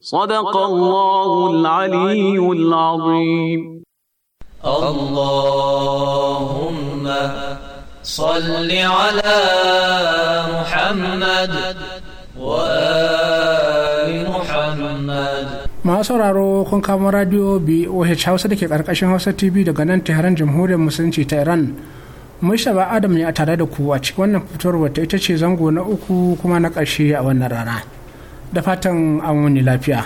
صدق الله العلي العظيم اللهم صل على محمد وآل محمد sauraro kun kama radio hausa da ke karkashin hausa tv daga nan tehran jamhuriyar musulunci ta iran shaba adam ne a tare da ku a cikin wannan fitowar wata ita ce zango na uku kuma na ƙarshe a wannan rana da fatan amuni lafiya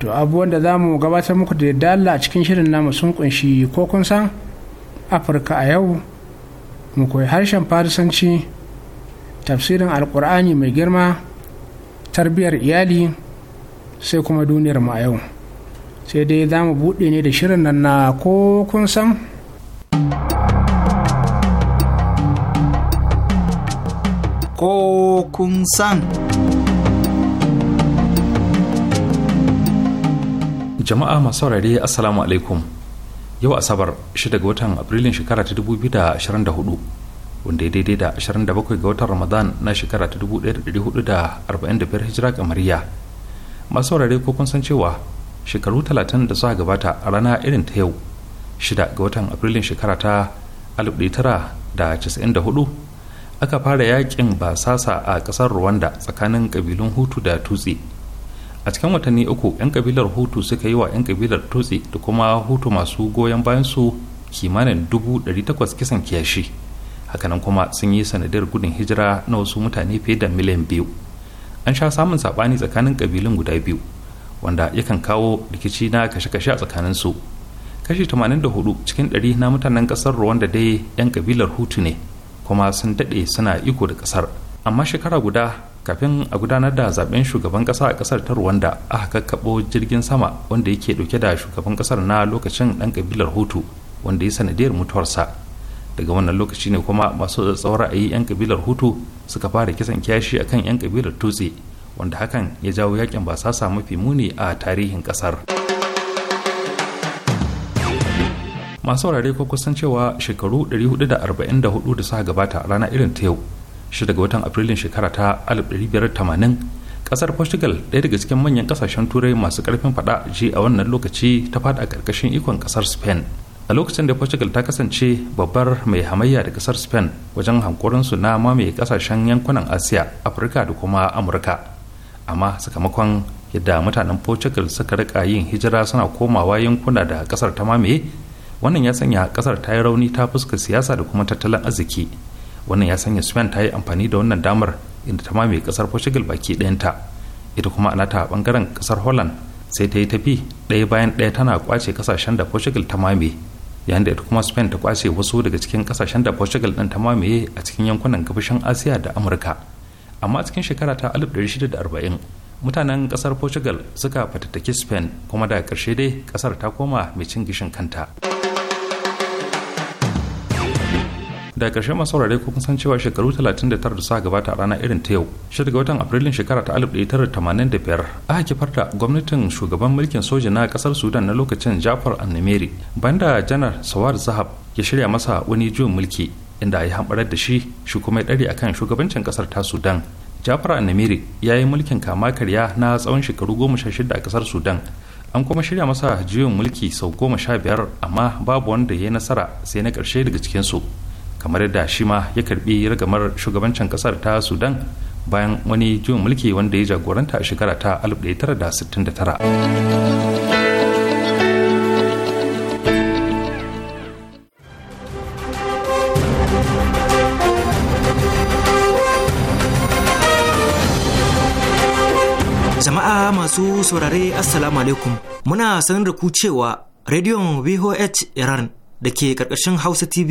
to abubuwan da za mu gabatar muku da dala a cikin shirin namu sun kunshi ko kun san afirka a yau mu koyi harshen farisanci tafsirin alkur'ani mai girma tarbiyyar iyali sai kuma duniyar mu a yau sai dai za mu buɗe ne da shirin nan na ko kun san ko kun san jama'a masu saurare assalamu alaikum yau asabar 6 ga watan afrilun shekara ta 2024 wanda ya daidai da 27 ga watan ramadan na shekara ta 1445 hijira kamariya masu saurare ko kun san cewa shekaru 30 da suka gabata a rana irin ta yau 6 ga watan afrilun shekara ta 1994 aka fara yakin basasa a kasar rwanda tsakanin kabilun hutu da tutsi a cikin watanni uku 'yan kabilar hutu suka yi wa 'yan kabilar tutsi da kuma hutu masu goyon bayan su kimanin dubu takwas kisan kiyashi hakanan kuma sun yi sanadiyar gudun hijira na wasu mutane fiye da miliyan biyu an sha samun saɓani tsakanin kabilun guda biyu wanda yakan kawo rikici na kashe-kashe a tsakanin su kashi hudu cikin 100 na mutanen kasar Rwanda dai 'yan kabilar Hutu ne kuma sun daɗe suna iko da kasar amma shekara guda kafin a gudanar da zaben shugaban kasa a kasar ta rwanda aka kakkabo jirgin sama wanda yake dauke da shugaban kasar na lokacin dan kabilar hutu wanda ya sanadiyar mutuwarsa daga wannan lokaci ne kuma masu tsatsauwar ra'ayi 'yan kabilar hutu suka fara kisan kyashi akan 'yan kabilar tutse wanda hakan ya jawo yakin basasa mafi muni a tarihin kasar masu wurare ko kusan cewa shekaru 444 da suka gabata rana irin ta yau shi daga watan afrilun shekara ta 1580 kasar portugal ɗaya daga cikin manyan kasashen turai masu karfin fada ji a wannan lokaci ta fada a ƙarƙashin ikon kasar spain a lokacin da portugal ta kasance babbar mai hamayya da kasar spain wajen hankorinsu na mamaye kasashen yankunan asiya afirka da kuma amurka amma sakamakon yadda mutanen portugal suka rika yin hijira suna komawa yankuna da kasar ta mamaye wannan ya sanya kasar ta yi rauni ta fuska siyasa da kuma tattalin arziki wannan ya sanya spain ta yi amfani da wannan damar inda ta mamaye kasar portugal baki ɗayanta ita kuma a nata bangaren kasar holland sai ta yi tafi ɗaya bayan ɗaya tana kwace kasashen da portugal ta mame yayin da ita kuma spain ta kwace wasu daga cikin kasashen da portugal ɗin ta mamaye a cikin yankunan gabashin asiya da amurka amma cikin shekara ta 1640 mutanen kasar portugal suka fatattaki spain kuma da karshe dai kasar ta koma mai cin gishin kanta. da karshe masu saurare ko san cewa shekaru 39 da suka gabata a ranar irin ta yau shi daga watan afrilun shekara ta 1985 aka kifar da gwamnatin shugaban mulkin soja na ƙasar sudan na lokacin jafar annameri banda janar sawar zahab ya shirya masa wani juyin mulki inda ya hamɓarar da shi shi kuma ya ɗari akan shugabancin ƙasar ta sudan jafar annamiri ya yi mulkin kama karya na tsawon shekaru goma sha shida a ƙasar sudan an kuma shirya masa juyin mulki sau goma sha biyar amma babu wanda ya yi nasara sai na ƙarshe daga cikinsu kamar yadda shi ma ya karbi ragamar shugabancin kasar ta sudan bayan wani juyin mulki wanda ya jagoranta a shekara ta 1969 jama'a masu saurare assalamu alaikum muna sanar da ku cewa rediyon vhh iran da ke karkashin hausa tv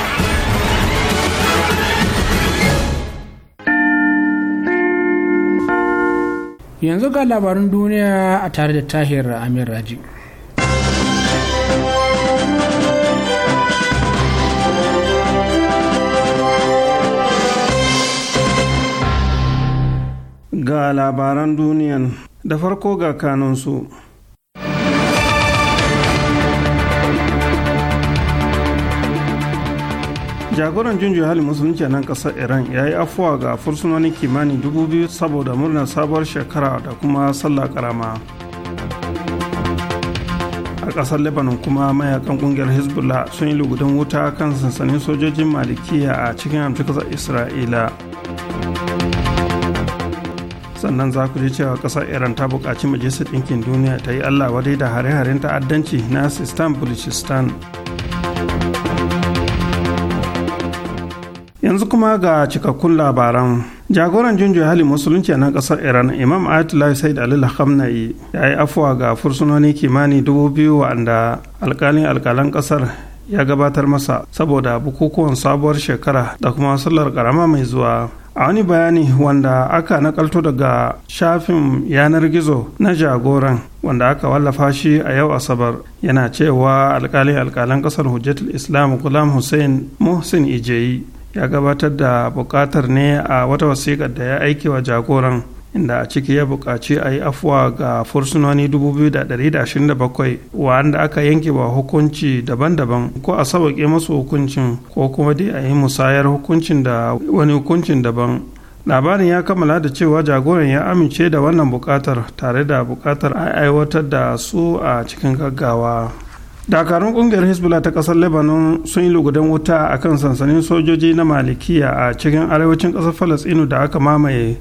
yanzu ga labarin duniya a tare da tahir amir raji ga labaran duniyan da farko ga kanunsu jagoran junjiyar hali musulunci nan kasar iran ya yi afuwa ga fursunonin kimani dubu biyu saboda murnar sabuwar shekara da kuma sallah karama a kasar lebanon kuma mayakan kungiyar hezbollah sun yi lugudan wuta kan sansanin sojojin malikiya a cikin hamsin isra'ila sannan za ku ji cewa kasar iran ta bukaci majalisar ɗinkin duniya ta yi allah wadai da hare-haren ta'addanci na sistan bulishistan yanzu kuma ga cikakkun labaran jagoran junjo hali musulunci na kasar iran imam ayatollah said ali hamnai ya yi afuwa ga fursunoni kimani dubu biyu wanda alkalin alkalan kasar ya gabatar masa saboda bukukuwan sabuwar shekara da kuma sallar karama mai zuwa a wani bayani wanda aka nakalto daga shafin yanar gizo na jagoran wanda aka wallafa shi a yau asabar yana cewa alkalin alkalan kasar hujjatul islam gulam hussein muhsin ijeyi ya gabatar da buƙatar ne a wata wasiƙar da ya aike wa jagoran inda a ciki ya buƙaci a yi afuwa ga fursunoni 2,127 wanda aka yanke wa hukunci daban-daban ko a sauƙe masu hukuncin ko kuma dai a yi musayar hukuncin da wani hukuncin daban labarin ya kammala da cewa jagoran ya amince da wannan buƙatar tare da buƙatar a aiwatar da su a cikin gaggawa. dakarun kungiyar hezbollah ta kasar lebanon sun yi lugudan wuta a kan sansanin sojoji na malikiya a cikin arewacin kasar falasinu da aka mamaye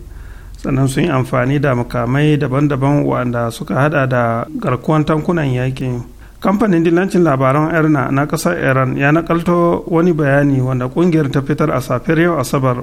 sannan sun yi amfani da makamai daban-daban wanda suka hada da garkuwan tankunan yaƙi kamfanin dillancin labaran erna na kasar iran ya nakalto wani bayani wanda kungiyar ta fitar a safiyar yau asabar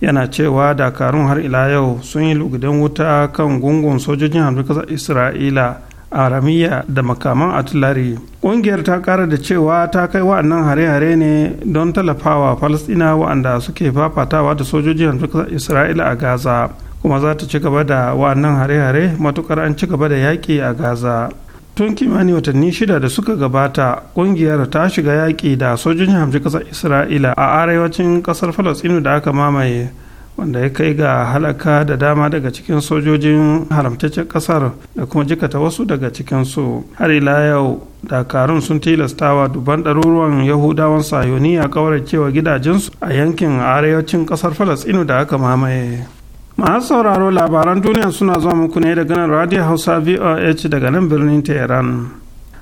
yana cewa dakarun har ila yau sun yi lugudan wuta kan gungun sojojin hannun kasar isra'ila aramiya da makaman atulari ƙungiyar ta ƙara da cewa ta kai wa'annan hare-hare ne don talafawa falasɗina wa'anda suke fafatawa da sojojin isra'ila a gaza kuma za ta ci gaba da wa'annan hare-hare matukar an ci gaba da yaƙi a gaza tun kimanin watanni shida da suka gabata ƙungiyar ta shiga yaƙi da sojojin hamshi ƙasar isra'ila a arewacin ƙasar Falasinu da aka mamaye wanda ya kai ga halaka da dama daga cikin sojojin haramtaccen kasar da kuma jikata wasu daga cikin su, har ila yau dakarun sun tilastawa duban ɗaruruwan yahudawan sayoni a kawar cewa gidajensu a yankin arewacin kasar falasɗinu da aka mamaye masu sauraro labaran duniya suna zuwa muku ne daga nan radio hausa voh daga nan birnin tehran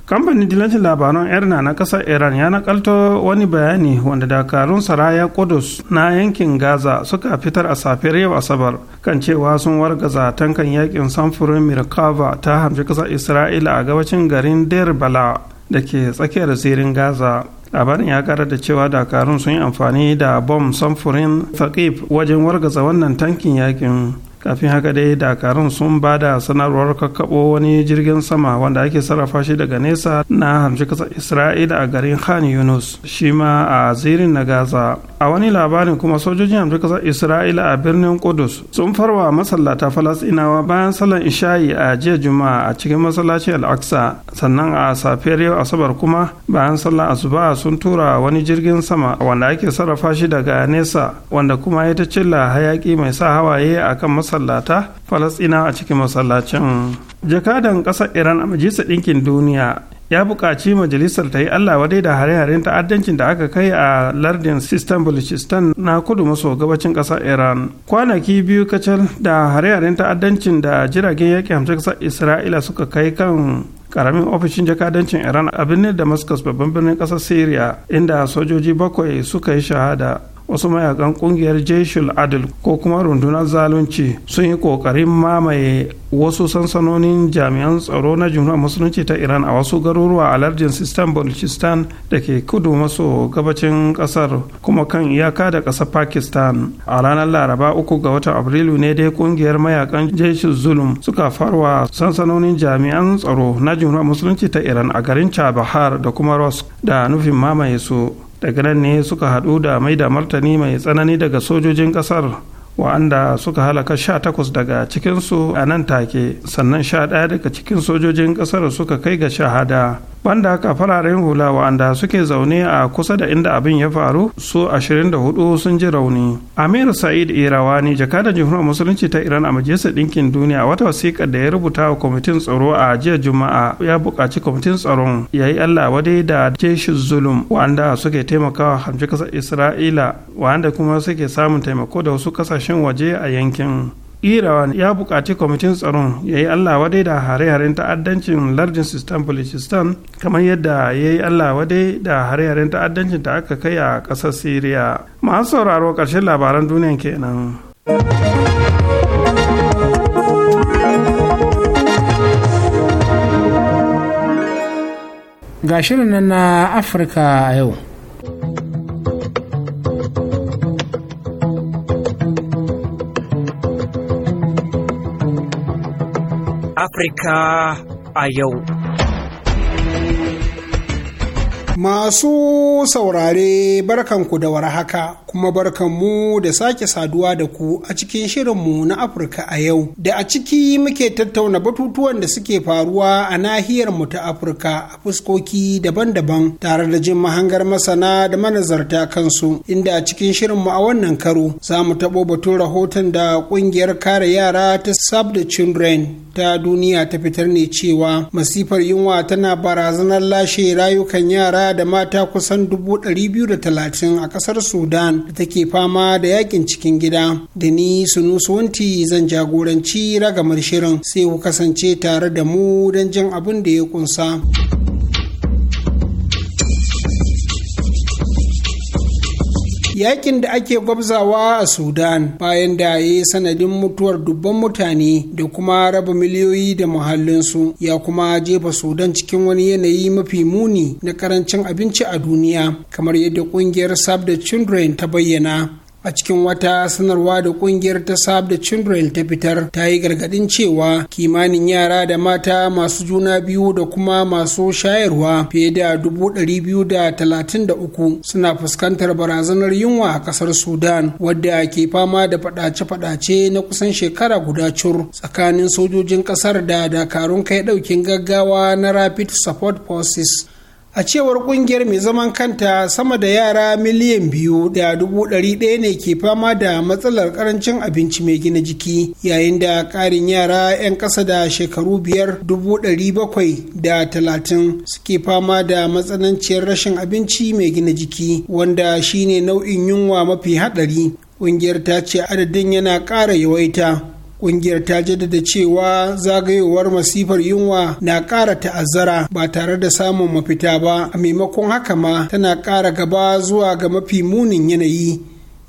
kamfanin dilancin labaran erna na kasar iran ya nakalto wani bayani wanda dakarun saraya kudus na yankin gaza suka fitar a safiyar yau asabar kan cewa sun wargaza tankan yakin samfurin mirkava ta hamshi kasar isra'ila a gabacin garin derbala bala da ke tsakiyar zirin gaza labarin ya kara da cewa dakarun sun yi amfani da bom samfurin thaqib wajen wargaza wannan tankin yakin kafin haka dai dakarun sun ba da sanarwar kakkaɓo wani jirgin sama wanda ake sarrafa shi daga nesa na hamshi kasar isra'ila a garin khan yunus shi ma a zirin na gaza a wani labarin kuma sojojin hamshi kasar isra'ila a birnin kudus sun farwa masallata falasinawa bayan salon isha'i a jiya juma'a a cikin masallacin al'aksa sannan a safiyar yau asabar kuma bayan sallar asuba sun tura wani jirgin sama wanda ake sarrafa shi daga nesa wanda kuma ya ta cilla hayaki mai sa hawaye akan masa masallata falasina a cikin masallacin jakadan ƙasar iran a majalisar ɗinkin duniya ya buƙaci majalisar ta yi allah wadai da hare-haren ta'addancin da aka kai a lardin sistan balochistan na kudu maso gabacin ƙasar iran kwanaki biyu kacal da hare-haren ta'addancin da jiragen yaƙi hamsin ƙasar isra'ila suka kai kan karamin ofishin jakadancin iran a birnin damascus babban birnin ƙasar syria inda sojoji bakwai suka yi shahada wasu mayakan kungiyar jeshul adil ko kuma rundunar zalunci sun yi kokarin mamaye wasu sansanonin jami'an tsaro na jumhuriyar musulunci ta iran a wasu garuruwa a lardin sistan baluchistan da ke kudu maso gabacin kasar kuma kan iyaka da kasar pakistan a ranar laraba uku ga watan afrilu ne dai kungiyar mayakan jeshul zulum suka farwa sansanonin jami'an tsaro na jumhuriyar musulunci ta iran a garin chabahar da kuma rosk da nufin mamaye su daga nan ne suka haɗu da mai da martani mai tsanani daga sojojin ƙasar wa'anda suka halaka sha takwas daga cikinsu a nan take sannan sha ɗaya daga cikin sojojin ƙasar suka kai ga shahada banda haka fararen hula wa'anda suke zaune a kusa da inda abin ya faru su 24 sun ji rauni amir sa'id irawani jakada jamhuriyar musulunci ta iran a majalisar ɗinkin duniya wata wasiƙar da ya rubuta wa kwamitin tsaro a jiya juma'a ya buƙaci kwamitin tsaron ya yi allah wadai da jeshin zulum wa'anda suke taimakawa hamshi ƙasar isra'ila wa'anda kuma suke samun taimako da wasu ƙasashen waje a yankin irawan ya bukaci kwamitin tsaron ya yi allah wadai da hare-haren ta'addancin lardin sistan balichistan kamar yadda ya yi allah wadai da hare-haren ta'addancin da aka kai a ƙasar syria masu sauraro ƙarshen labaran duniyan kenan ga shirin na afirka a yau Afirka a yau. Masu saurare barkanku da warhaka kuma barkanmu da sake saduwa da ku a cikin shirinmu na Afirka a yau. Da a ciki muke tattauna batutuwan da suke faruwa a nahiyar mu ta Afirka a fuskoki daban-daban tare da jin mahangar masana da manazarta kansu. Inda a cikin shirinmu a wannan karo za mu taɓo batun rahoton da ƙungiyar kare yara ta Save the Children ta duniya ta fitar ne cewa masifar yunwa tana barazanar lashe rayukan yara da mata kusan dubu ɗari biyu da talatin a ƙasar Sudan da take fama da yakin cikin gida da ni sunusunti zan jagoranci ragamar shirin sai ku kasance tare da mu don jin abin da ya kunsa. yakin da ake gwabzawa a sudan bayan da ya yi sanadin mutuwar dubban mutane da kuma raba miliyoyi da muhallinsu ya kuma jefa sudan cikin wani yanayi mafi muni na karancin abinci a duniya kamar yadda kungiyar save the children ta bayyana a cikin wata sanarwa da kungiyar ta save the children ta fitar ta yi gargadin cewa kimanin yara da mata masu juna biyu da kuma masu shayarwa fiye da dubu ɗari biyu da talatin da uku suna fuskantar barazanar yunwa a ƙasar sudan wadda ke fama da faɗace-faɗace na kusan shekara guda cur tsakanin sojojin ƙasar da dakarun kai ɗaukin gaggawa na rapid support forces a cewar kungiyar mai zaman kanta sama da yara miliyan biyu da dubu ɗari ɗaya ne ke fama da matsalar karancin abinci mai gina jiki yayin da ƙarin yara 'yan ƙasa da shekaru biyar dubu ɗari bakwai da talatin suke fama da matsananciyar rashin abinci mai gina jiki wanda shine nau'in yunwa mafi haɗari ƙungiyar ta ce adadin yana ƙara yawaita Ƙungiyar ta jaddada cewa zagayowar masifar yunwa na ƙara ta'azzara ba tare da samun mafita ba, a maimakon haka ma tana ƙara gaba zuwa ga mafi munin yanayi.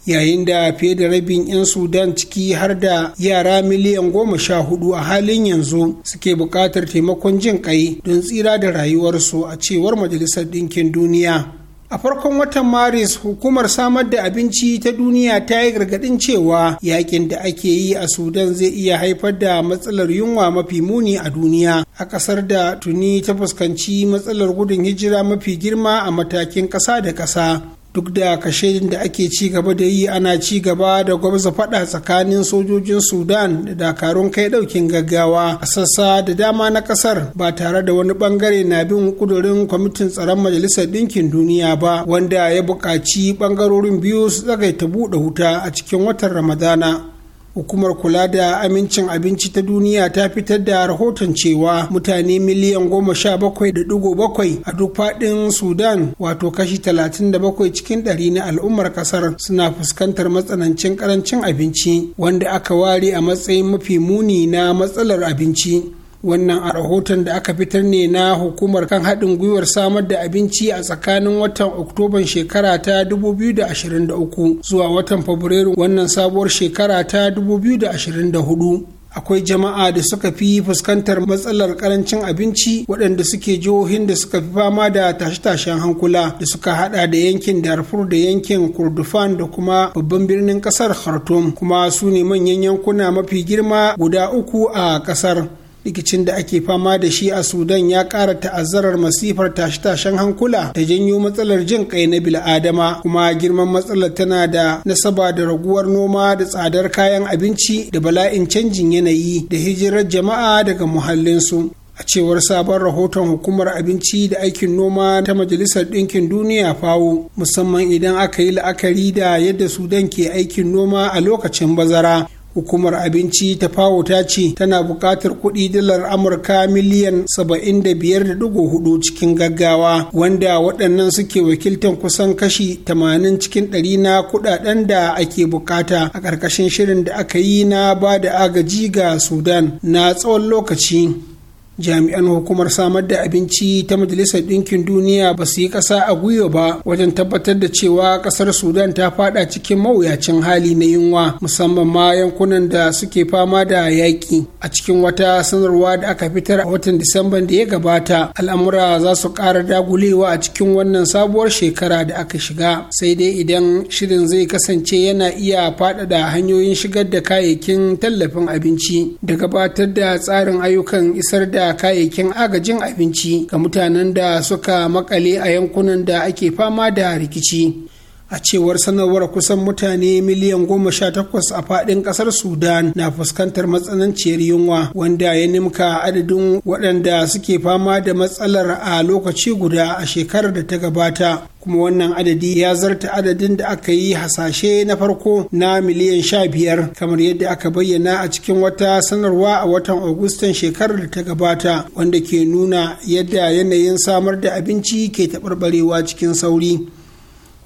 yayin da fiye da rabin 'yan sudan ciki har da yara miliyan goma sha hudu a halin yanzu suke buƙatar taimakon jin ƙai don tsira da rayuwarsu a cewar majalisar ɗinkin duniya A farkon watan Maris, hukumar samar da abinci ta duniya ta yi gargaɗin cewa yakin da ake yi a Sudan zai iya haifar da matsalar yunwa mafi muni a duniya. A ƙasar da tuni ta fuskanci matsalar gudun hijira mafi girma a matakin ƙasa da ƙasa. duk da kashedin da ake ci gaba da yi ana ci gaba da gwamza fada tsakanin sojojin sudan da dakarun kai daukin gaggawa a sassa da dama na kasar ba tare da wani bangare na bin kudurin kwamitin tsaron majalisar ɗinkin duniya ba wanda ya buƙaci bangarorin biyu su tsagaita buɗe wuta a cikin watan ramadana hukumar kula da amincin abinci ta duniya ta fitar da rahoton cewa mutane miliyan goma sha bakwai da digo bakwai a duk faɗin sudan wato kashi talatin da bakwai cikin ɗari na al'ummar ƙasar suna fuskantar matsanancin ƙarancin abinci wanda aka ware a matsayin mafi muni na matsalar abinci wannan a rahoton da aka fitar ne na hukumar kan haɗin gwiwar samar da abinci a tsakanin watan oktoban shekara ta 2023 zuwa watan fabrairu wannan sabuwar shekara ta 2024 akwai jama'a da suka fi fuskantar matsalar karancin abinci waɗanda suke jihohin da suka fi fama da tashe-tashen hankula da suka hada da yankin darfur da yankin kurdufan da kuma babban birnin ƙasar khartoum kuma su ne manyan yankuna mafi girma guda uku a ƙasar rikicin da ake fama da shi a sudan ya ƙara ta'azzarar masifar tashe-tashen hankula da janyo matsalar jin kai na bil'adama kuma girman matsalar tana da nasaba da raguwar noma da tsadar kayan abinci da bala'in canjin yanayi da hijirar jama'a daga muhallinsu a cewar sabon rahoton hukumar abinci da aikin noma ta majalisar ɗinkin duniya fawo musamman idan aka yi la'akari da yadda sudan ke aikin noma a lokacin bazara hukumar abinci ta fawo ta ce tana buƙatar kuɗi dalar amurka miliyan 75.4 cikin gaggawa wanda waɗannan suke wakiltar kusan kashi 80 cikin 100 na kuɗaɗen da ake buƙata a ƙarƙashin shirin da aka yi na ba da agaji ga sudan na tsawon lokaci jami'an hukumar samar da abinci ta majalisar ɗinkin duniya ba su yi ƙasa a gwiwa ba wajen tabbatar da cewa ƙasar sudan ta fada cikin mawuyacin hali na yunwa musamman ma yankunan da suke fama da yaƙi a cikin wata sanarwa da aka fitar a watan disamban da ya gabata al'amura za su ƙara dagulewa a cikin wannan sabuwar shekara da aka shiga sai dai idan shirin zai kasance yana iya faɗaɗa hanyoyin shigar da kayayyakin tallafin abinci da gabatar da tsarin ayyukan isar da da kayayyakin agajin abinci ga mutanen da suka makale a yankunan da ake fama da rikici a cewar sanarwar kusan mutane miliyan goma sha takwas a fadin kasar sudan na fuskantar matsananciyar yunwa wanda ya nimka adadin waɗanda suke fama da matsalar a lokaci guda a shekarar da ta gabata kuma wannan adadi ya zarta adadin da aka yi hasashe na farko na miliyan sha biyar kamar yadda aka bayyana a cikin wata sanarwa a watan agustan shekarar da ta gabata wanda ke nuna yadda yanayin samar da abinci ke taɓarɓarewa cikin sauri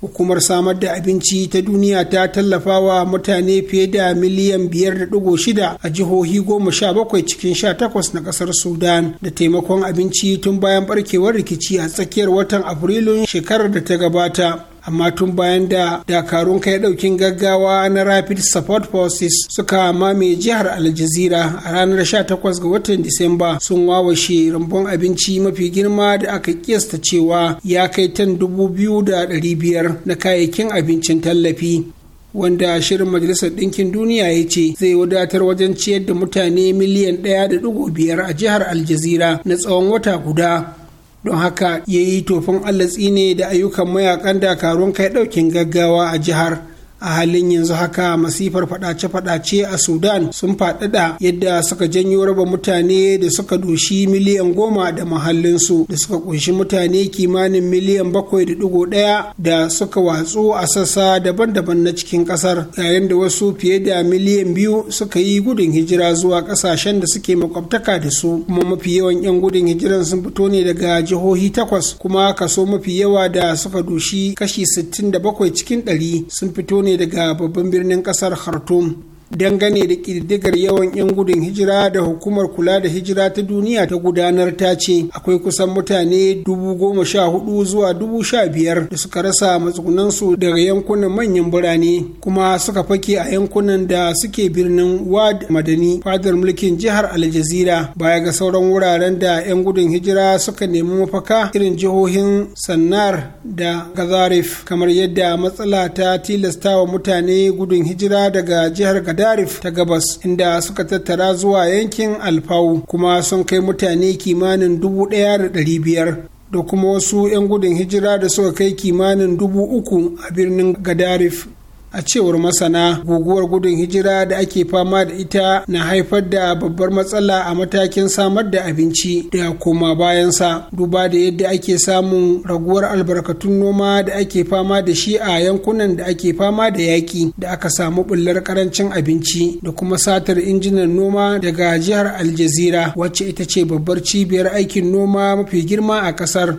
hukumar samar da abinci ta duniya ta tallafa wa mutane fiye da miliyan 5.6 a jihohi 17 cikin 18 na kasar sudan da taimakon abinci tun bayan barkewar rikici a tsakiyar watan afrilun shekarar da ta gabata amma tun bayan da dakarun kai daukin gaggawa na rapid support forces suka mame jihar aljazira a ranar 18 ga watan disamba sun wawashe rambon abinci mafi girma da aka kiyasta cewa ya kai tan biyar na kayayyakin abincin tallafi wanda shirin majalisar ɗinkin duniya ya ce zai wadatar wajen ciyar da mutane miliyan 1.5 a jihar aljazira na tsawon wata guda don haka ya yi tofin allah tsine da ayyukan mayakan dakarun kai daukin gaggawa a jihar a halin yanzu haka masifar fadace-fadace a sudan sun faɗaɗa yadda suka janyo raba mutane da suka dushi miliyan goma da mahallinsu da suka kunshi mutane kimanin miliyan bakwai da dugo ɗaya da suka watsu a sassa daban-daban na cikin ƙasar yayin da wasu fiye da miliyan biyu suka yi gudun hijira zuwa ƙasashen da suke makwabtaka da su kuma mafi yawan 'yan gudun hijiran sun fito ne daga jihohi takwas kuma kaso mafi yawa da suka dushi kashi sittin da bakwai cikin ɗari sun fito ne ne daga babban birnin kasar khartoum dangane da ƙididdigar yawan 'yan gudun hijira da hukumar kula da hijira ta duniya ta gudanar ta ce akwai kusan mutane dubu goma sha hudu zuwa dubu sha biyar da suka rasa matsugunansu daga yankunan manyan birane kuma suka fake a yankunan da suke birnin wad madani fadar mulkin jihar aljazira baya ga sauran wuraren da 'yan gudun hijira suka nemi mafaka irin jihohin sannar da gazarif kamar yadda matsala ta tilastawa mutane gudun hijira daga jihar Madarif ta gabas inda suka tattara zuwa yankin Alfau kuma sun kai mutane kimanin dubu ɗaya da ɗari biyar. da kuma wasu 'yan gudun hijira da suka kai kimanin dubu uku a birnin Gadarif. a cewar masana guguwar gudun hijira da ake fama da ita na haifar da babbar matsala a matakin samar da abinci da koma bayansa duba da yadda ake samun raguwar albarkatun noma da ake fama da shi a yankunan da ake fama da yaƙi da aka samu bullar karancin abinci da kuma satar injinan noma daga jihar aljazira wacce ita ce babbar cibiyar aikin noma mafi girma a ƙasar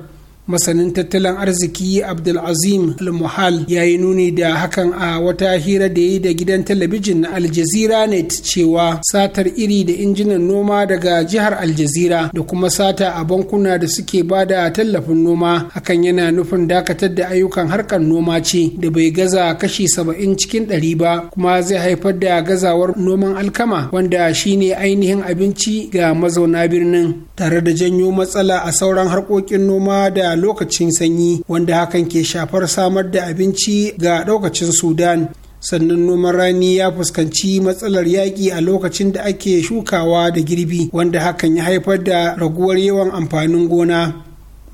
masanin tattalin arziki abdulazim al-muhal ya yi nuni da hakan a wata hira da yi da gidan talabijin na aljazira net cewa satar iri da injinan noma daga jihar aljazira da kuma sata a bankuna da suke ba da tallafin noma hakan yana nufin dakatar da ayyukan harkar noma ce da bai gaza kashi saba'in cikin ɗari ba kuma zai haifar da gazawar noman alkama wanda shine ainihin abinci ga mazauna birnin tare da janyo matsala a sauran harkokin noma da lokacin sanyi wanda hakan ke shafar samar da abinci ga lokacin sudan sannan noman rani ya fuskanci matsalar yaƙi a lokacin da ake shukawa da girbi wanda hakan ya haifar da raguwar yawan amfanin gona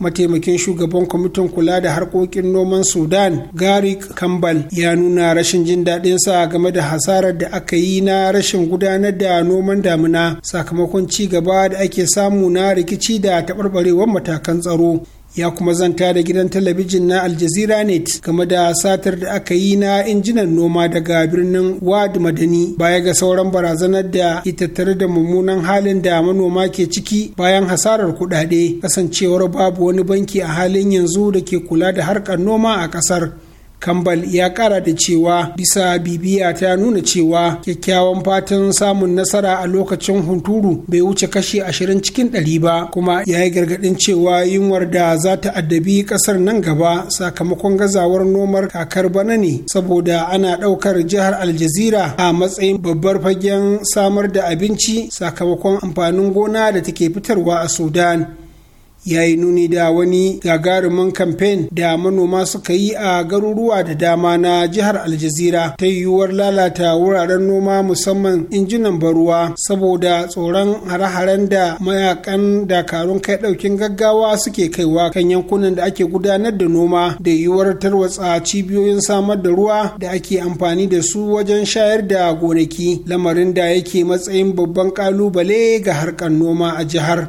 mataimakin shugaban kwamitin kula da harkokin noman sudan garik kambal ya nuna rashin jin daɗinsa game da hasarar da aka yi na rashin gudanar da noman damina sakamakon ci gaba da ake samu na rikici da taɓarɓarewar matakan tsaro ya kuma zanta da gidan talabijin na Aljazeera net game da satar da aka yi na injinan noma daga birnin wad madani baya ga sauran barazanar da ita tattare da mummunan halin da manoma ke ciki bayan hasarar kuɗaɗe kasancewar babu wani banki a halin yanzu da ke kula da harkar noma a ƙasar kambal ya kara da cewa bisa bibiya ta nuna cewa kyakkyawan fatan samun nasara a lokacin hunturu bai wuce kashe ashirin cikin ɗari ba kuma ya yi gargaɗin cewa yunwar da za ta addabi ƙasar nan gaba sakamakon gazawar nomar kakar bana ne saboda ana ɗaukar jihar aljazira a matsayin babbar fagen samar da abinci sakamakon amfanin gona da take fitarwa a sudan ya yi nuni da wani gagarumin kamfen da manoma suka yi a garuruwa da dama na jihar aljazira ta yiwuwar lalata wuraren noma musamman injinan baruwa saboda tsoron hare-haren da mayakan dakarun kai daukin gaggawa suke kaiwa kan yankunan da ake gudanar da noma da yiwuwar tarwatsa cibiyoyin samar da ruwa da ake amfani da su wajen shayar da gonaki lamarin da yake matsayin babban kalubale ga harkar noma a jihar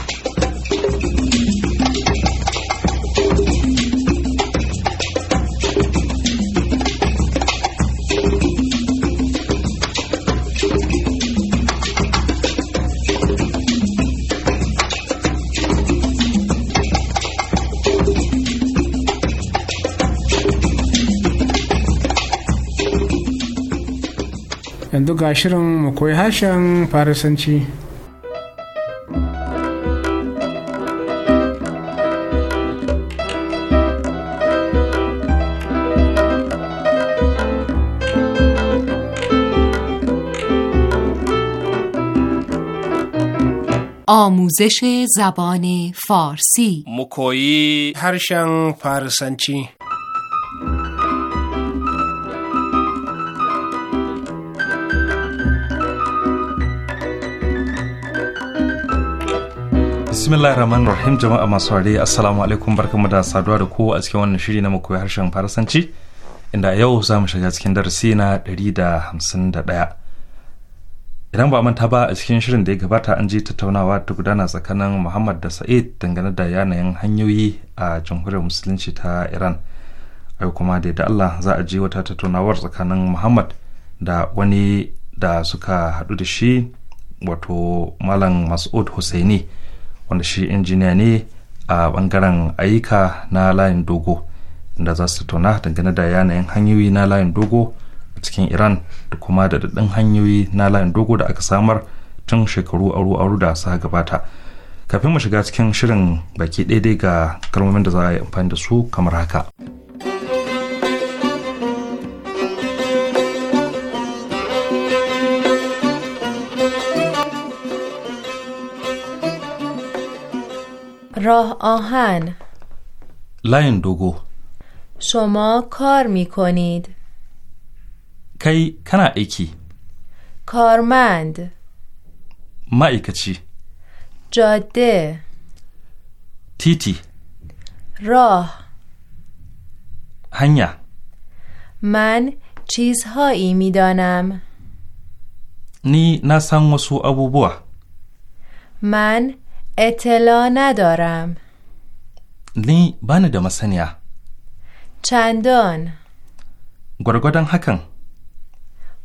yanzu ga shirin mu koyi harshen farisanci آموزش زبان فارسی مکویی هرشن فارسنچی bismillah rahman rahim jama'a masu haure assalamu alaikum barkamu da saduwa da kowa a cikin wannan shiri na mu harshen farasanci inda yau za mu shiga cikin darasi na ɗari da hamsin da ɗaya idan ba manta ba a cikin shirin da ya gabata an ji tattaunawa ta gudana tsakanin muhammad da sa'id dangane da yanayin hanyoyi a jamhuriyar musulunci ta iran ai kuma da allah za a ji wata tattaunawar tsakanin muhammad da wani da suka haɗu da shi wato malam mas'ud hussaini wanda shi injiniya ne a bangaren ayyuka na layin dogo inda za su tattauna dangane da yanayin hanyoyi na layin dogo a cikin iran da kuma da daɗin hanyoyi na layin dogo da aka samar tun shekaru aru-aru da sa gabata kafin mu shiga cikin shirin baki daidai ga kalmomin da za a yi amfani da su kamar haka. راه آهن لاین دوگو شما کار می کنید کی کنا ایکی کارمند مایکچی جاده تیتی راه هنیا من چیزهایی دانم نی نسان وسو ابوبوا من اطلاع ندارم نی بانی دا مسانیا چندان گرگودن حکن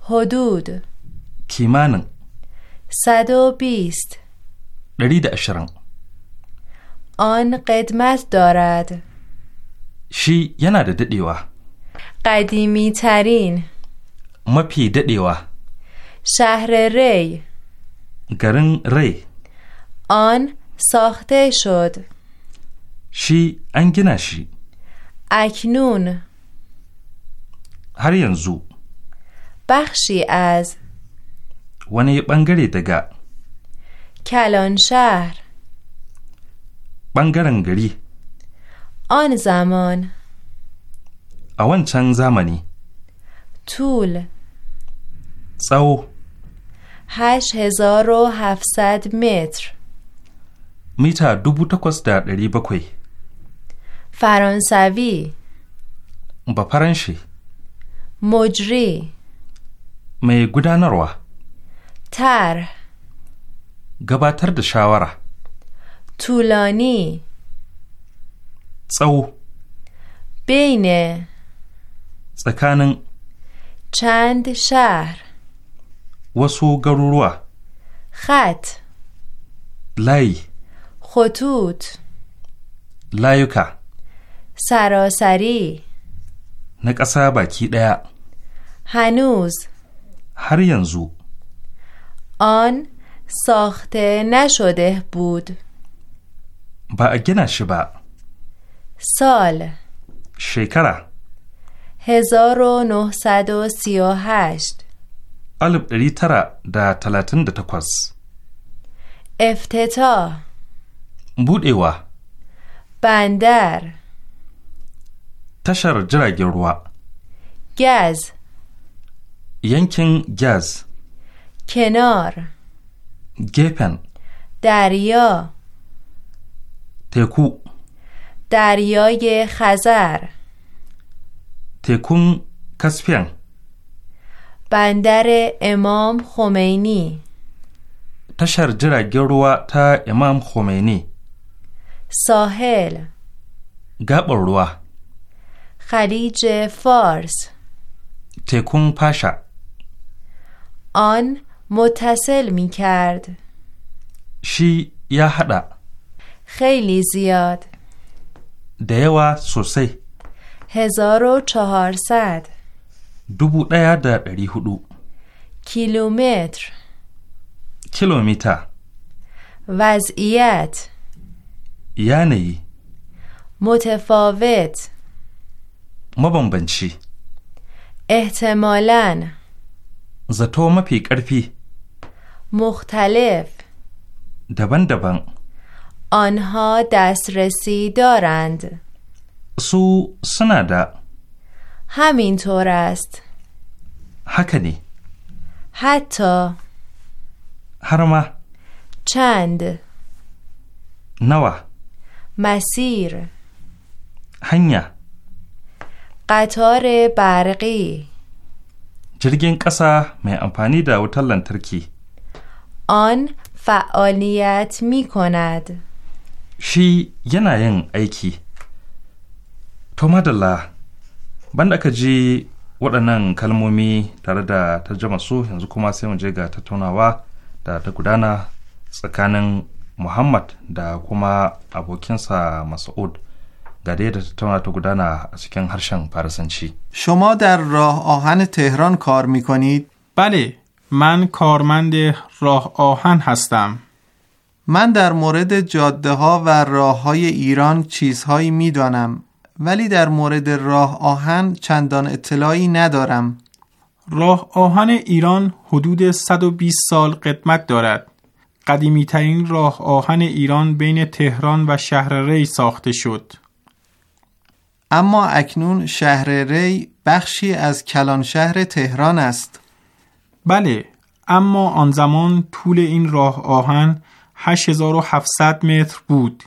حدود کیمانن صد و بیست درید اشرن آن قدمت دارد شی ینا دا ددیوه قدیمی ترین مپی ددیوه شهر ری گرن ری آن ساخته شد شی نشی اکنون هر زو بخشی از ونی بنگری دگا کلان شهر بنگرنگری آن زمان اون چند زمانی طول سو هشت هزار و هفتصد متر mita dubu takwas da ɗari bakwai. faransawi ba faranshi mojri mai gudanarwa tar gabatar da shawara tulani tsawo bene tsakanin Chand shar. wasu garuruwa khat Layi. خطوط لایوکا سراسری نکسا با baki هنوز هر ینزو آن ساخته نشده بود با اگه با سال شکره هزار و سد و سی و هشت الب ریتره ده تلاتن ده تکوز افتتاح budewa بندر تشر جراگین روا گاز ینکین گاز کنار گپن دریا تکو دریای خزر تکون کسپین بندر امام خمینی تشر جراگین تا امام خمینی ساحل گابروا خلیج فارس تکون پاشا آن متصل می کرد شی یا حدا خیلی زیاد دیوا سوسی هزار و چهارصد دوبو دیا در هدو کیلومتر کیلومتر وضعیت یعنی متفاوت مبنبنچی احتمالاً زتو مپی کرفی مختلف دبن دبن آنها دسترسی دارند سو سنادا همینطور است حکنی حتی هرما چند نوه masir. hanya. قطار برقی jirgin ƙasa mai amfani da wutar lantarki. On fa'aliyat mikonad. Shi yana yin aiki. To madalla, banda ka ji waɗannan kalmomi tare da tarjama su yanzu kuma sai mu je ga tattaunawa da ta gudana tsakanin محمد da kuma abokinsa مسعود ga da tattauna ta gudana a harshen شما در راه آهن تهران کار می بله من کارمند راه آهن هستم من در مورد جاده ها و راه های ایران چیزهایی می ولی در مورد راه آهن چندان اطلاعی ندارم راه آهن ایران حدود 120 سال قدمت دارد قدیمیترین راه آهن ایران بین تهران و شهر ری ساخته شد. اما اکنون شهر ری بخشی از کلان شهر تهران است. بله، اما آن زمان طول این راه آهن 8700 متر بود.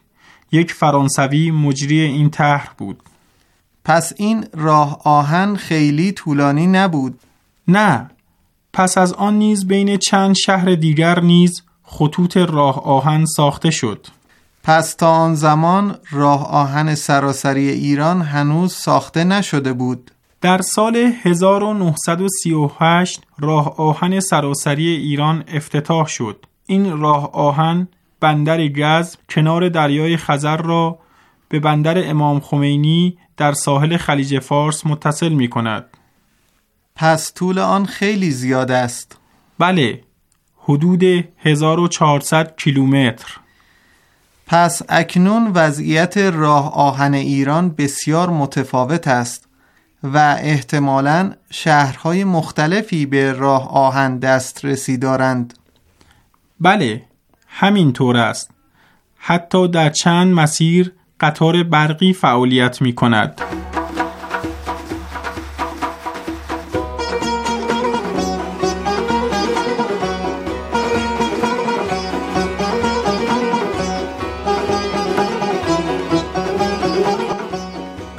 یک فرانسوی مجری این طرح بود. پس این راه آهن خیلی طولانی نبود. نه، پس از آن نیز بین چند شهر دیگر نیز خطوط راه آهن ساخته شد پس تا آن زمان راه آهن سراسری ایران هنوز ساخته نشده بود در سال 1938 راه آهن سراسری ایران افتتاح شد این راه آهن بندر گز کنار دریای خزر را به بندر امام خمینی در ساحل خلیج فارس متصل می کند پس طول آن خیلی زیاد است بله حدود 1400 کیلومتر پس اکنون وضعیت راه آهن ایران بسیار متفاوت است و احتمالا شهرهای مختلفی به راه آهن دسترسی دارند بله همینطور است حتی در چند مسیر قطار برقی فعالیت می کند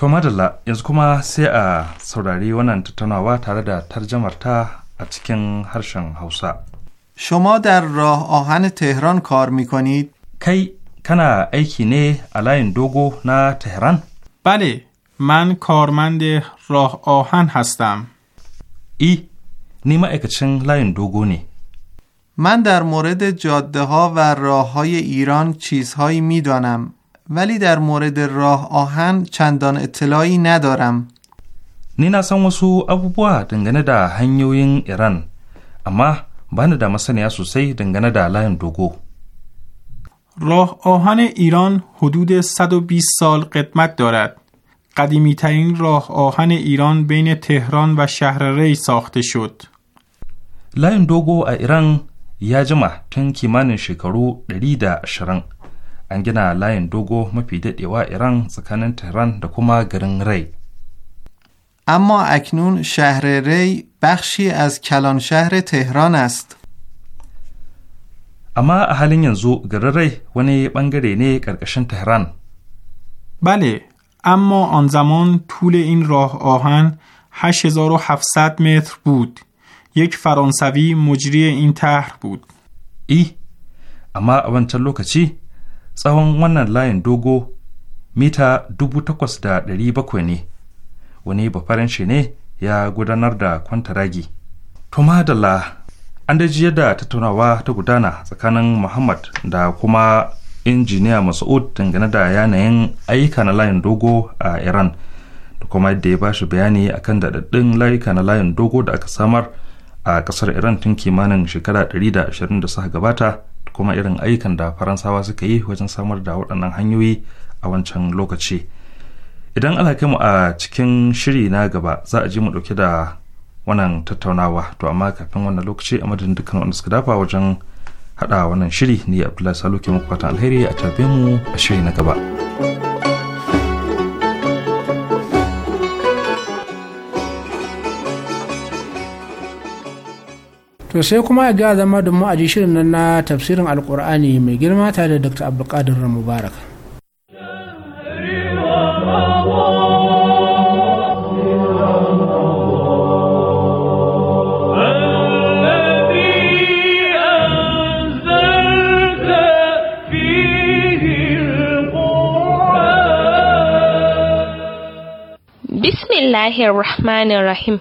To madalla yanzu kuma sai a saurari wannan tattaunawa tare da tarjamarta a cikin harshen Hausa. Shoma dar roh ohan Tehran kar mikonid? Kai, kana aiki ne a layin dogo na Tehran? Bale, man karmand roh ohan hastam. I, ni ma'aikacin layin dogo ne. من در مورد جاده ها و راه های ایران چیزهایی می دانم. ولی در مورد راه آهن چندان اطلاعی ندارم. نینا سان وسو دنگنه دنگنه دا ایران، ایران. اما دا da سوسی دنگنه دا لاین دوگو. راه آهن ایران حدود 120 سال قدمت دارد. قدیمی ترین راه آهن ایران بین تهران و شهر ری ساخته شد. لاین دوگو ایران یا جمع تن کیمان شکرو شرنگ. an gina layin dogo mafi daɗewa iran tsakanin tehran da kuma garin rai اما اکنون شهر ری بخشی از کلان شهر تهران است. اما اهل ینزو گر ری ونی بنگری نی کرکشن تهران. بله، اما آن زمان طول این راه آهن 8700 متر بود. یک فرانسوی مجری این تهر بود. ای، اما اون چلو کچی tsawon wannan layin dogo mita 8,700 ne wani bafaranshi ne ya gudanar da kwantaragi tumadala an daji yadda tattaunawa ta gudana tsakanin muhammad da kuma injiniya mas'ud dangane da yanayin ayyuka na layin dogo a iran da kuma yadda ya bashi bayani akan daɗaɗɗun layuka na layin dogo da aka samar a ƙasar iran tun kimanin shekara 120 da suka gabata kuma irin ayyukan da faransawa suka yi wajen samar da waɗannan hanyoyi a wancan lokaci idan ana kai mu a cikin shiri na gaba za a ji mu ɗauke da wannan tattaunawa to amma kafin wannan lokaci a madadin dukkan wanda suka dafa wajen haɗa wannan shiri ne abdullahi salo ke muku fatan alheri a tabe mu a shiri na gaba. to sai kuma ya zama mu a ji shirin nan na tafsirin alkur'ani mai girma tare da dr abdulkadir mubarak Bismillahirrahmanirrahim.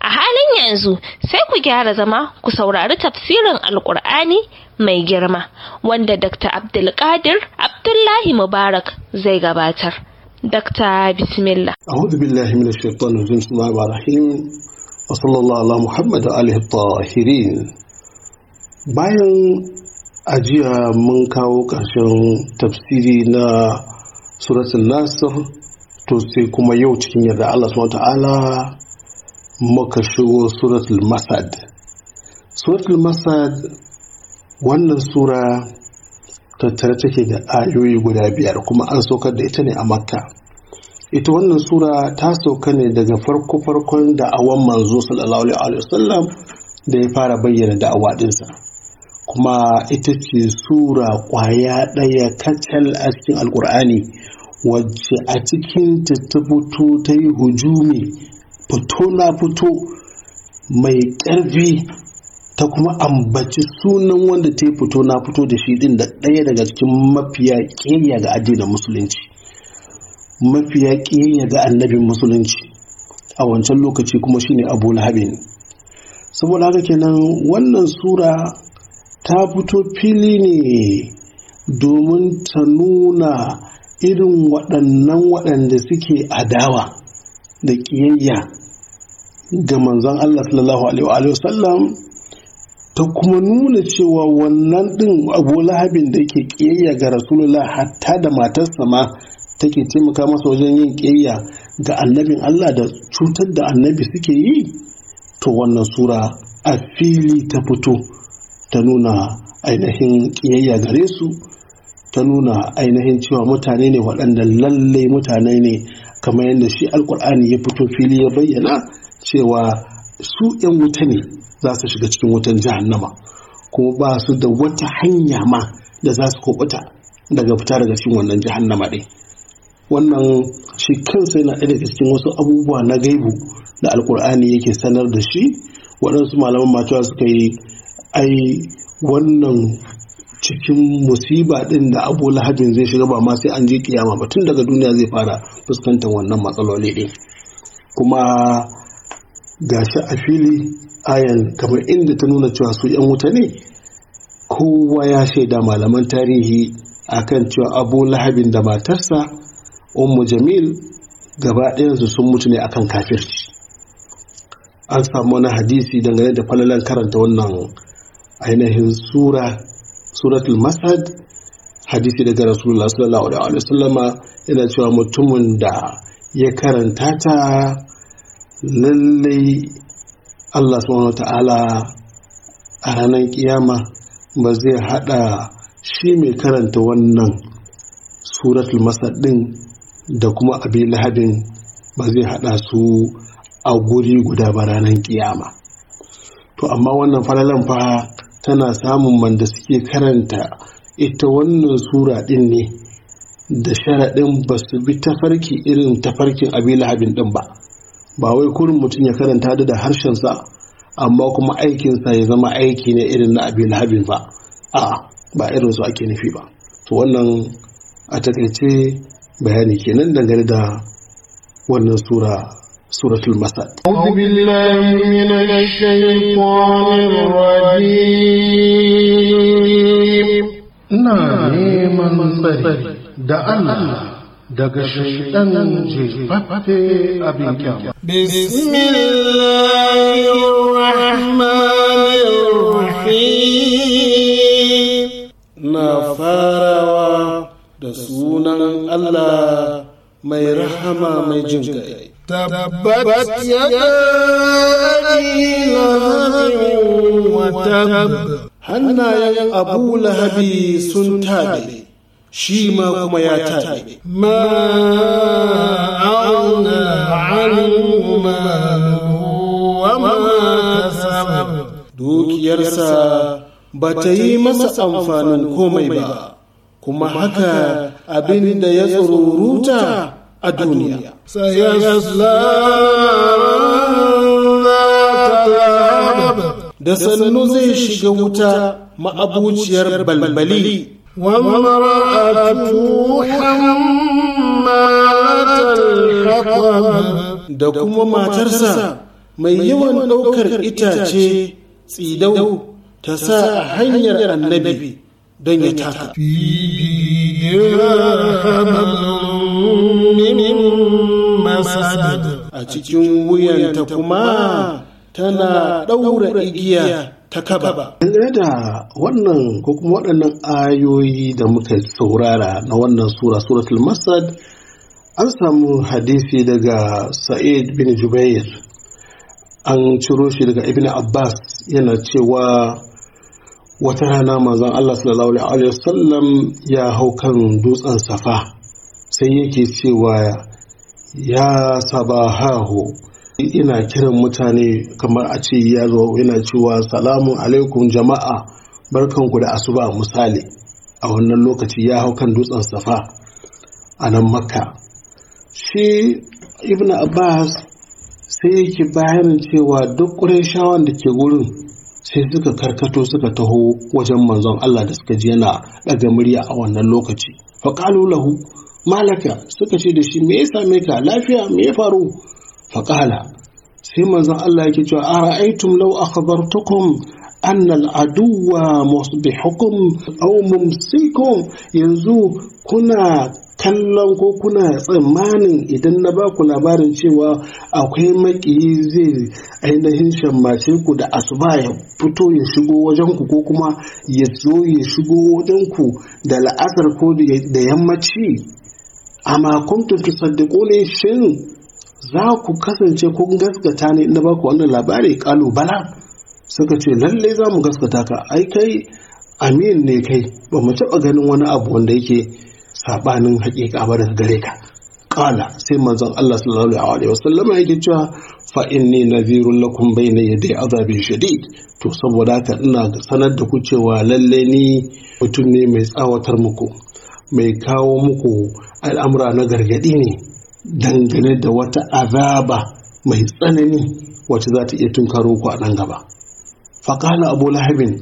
A halin yanzu sai ku gyara zama ku saurari tafsirin alkur'ani mai girma wanda Dr. Abdulkadir Abdullahi Mubarak zai gabatar. Dr. Bismillah. A'udhu billahi rahim. sallallahu ala alihi Bayan ajiya mun kawo ƙarshen tafsiri na suratun nasir to sai kuma yau cikin yarda Allah subhanahu wa ta'ala muka shigo suratul masad suratul masad wannan sura tattare take da ayoyi guda biyar kuma an saukar da ita ne a makka ita wannan sura ta sauka ne daga farko farkon da awon manzo sallallahu alaihi wasallam da ya fara bayyana da dinsa kuma ita ce sura kwaya ɗaya kacal a cikin alkur'ani wacce a cikin ta fito ta yi hujumi fito na fito mai ƙarfi ta kuma ambaci sunan wanda ta yi fito na fito da shi din da ɗaya daga cikin mafiya ƙiyayya ga addinin musulunci mafiya ƙiyayya ga annabin musulunci a wancan lokaci kuma shine abu lahabin saboda haka kenan wannan sura ta fito fili ne domin ta nuna irin waɗannan waɗanda suke adawa da ƙiyayya ga manzon Allah sallallahu alaihi wasallam ta kuma nuna cewa wannan din abu lahabin da yake kiyayya ga rasulullah hatta da matarsa ma take taimaka masa wajen yin kiyayya ga annabin Allah da cutar da annabi suke yi to wannan sura a fili ta fito ta nuna ainihin kiyayya gare su ta nuna ainihin cewa mutane ne waɗanda lallai mutane ne kamar yadda shi alkur'ani ya fito fili ya bayyana cewa su 'yan wuta ne za su shiga cikin wutan jahannama kuma ba su da wata hanya ma da za su kubuta daga fita daga cikin wannan jahannama ɗin wannan shi kansa yana ɗaya daga cikin wasu abubuwa na gaibu da alkur'ani yake sanar da shi waɗansu malaman matuwa suka yi ai wannan cikin musiba ɗin da abu lahajin zai shiga ba ma sai an je kiyama ba tun daga duniya zai fara fuskantar wannan matsaloli ɗin kuma Ga shi a fili ayan kamar inda ta nuna cewa su 'yan wuta ne kowa ya shaida malaman tarihi akan cewa abu lahabin da matarsa ummu jamil gaba ɗayansu sun mutu ne akan kafirci an samu wani hadisi dangane da falalan karanta wannan ainihin sura suratul masad hadisi daga rasulullah sallallahu alaihi wasallama yana cewa mutumin da ya karanta ta lallai Allah subhanahu ta'ala a ranar kiyama ba zai hada shi mai karanta wannan suratul masad da kuma abi lahabin ba zai hada su a guri guda ba ranar kiyama to amma wannan falalan fa tana samun man suke karanta ita wannan sura din ne da sharaɗin ba su bi tafarki irin tafarkin abin lahabin din ba ba wai kurin mutum ya karanta da sa, amma kuma aikinsa ya zama aiki ne irin na abin habin ba a ba irin su ake nufi ba to wannan a takaice bayani kenan dangane da wannan sura suratul masad أعوذ بالله من الشيطان الرجيم ina neman da Allah daga shaidan jefaffe abin kyama. Bismillahirrahmanirrahim na farawa da sunan Allah mai rahama mai jin gai. Tabbat ya wa tab. Hannayen Abu Lahabi sun tabe. shi ma kuma ya taɓe. Dukiyarsa ba ta yi masa amfanin komai ba, kuma haka abin da ya tsururuta a duniya. Da sannu zai shiga wuta ma'abuciyar balbali. da kuma matarsa mai yawan ɗaukar itace tsidau ta sa hanyar annabi don ya taka. A cikin wuyanta kuma tana ɗaura igiya ta kaba. Yanzu da wannan ko kuma waɗannan ayoyi da muka saurara na wannan sura suratul Masad an samu hadisi daga Sa'id bin Jubair an ciro shi daga Ibn Abbas yana cewa wata rana manzon Allah sallallahu alaihi wasallam ya hau kan dutsen Safa sai yake cewa ya sabahahu ina kiran mutane kamar a ce ya zo yana cewa salamun alaikum jama'a ku da asuba misali a wannan lokaci ya hau kan dutsen safa a nan makka shi ibn abbas sai yake bayanin cewa duk shawan da ke wurin, sai suka karkato suka taho wajen manzon Allah da suka ji yana ɗaga murya a wannan lokaci fa lahu malaka suka ce da shi me ya same ka lafiya me ya faru faƙala sai manzon Allah yake cewa a ra'aitum law akhbartukum anna al-aduwa musbihukum yanzu kuna kallon ko kuna tsammanin idan na ba ku labarin cewa akwai maƙiyi zai ainihin shammace ku da asuba ya fito ya shigo wajen ko kuma ya zo ya shigo wajen da la'asar ko da yammaci amma kuntum tusaddiquna shin za ku kasance kun gaskata ne inda ba ku wannan labari kalubala bala suka ce lallai za mu gaskata ka ai kai amin ne kai ba mu taɓa ganin wani abu wanda yake saɓanin haƙiƙa ba daga gare ka kala sai manzon Allah sallallahu alaihi wasallama yake cewa fa inni nadhirul lakum bayna yaday azabi shadid to saboda ka ina sanar da ku cewa lalle ni mutum ne mai tsawatar muku mai kawo muku al'amura na gargadi ne dangane da wata azaba mai tsanani wacce za ta iya tunkaro ku a nan gaba faƙala abu lahabin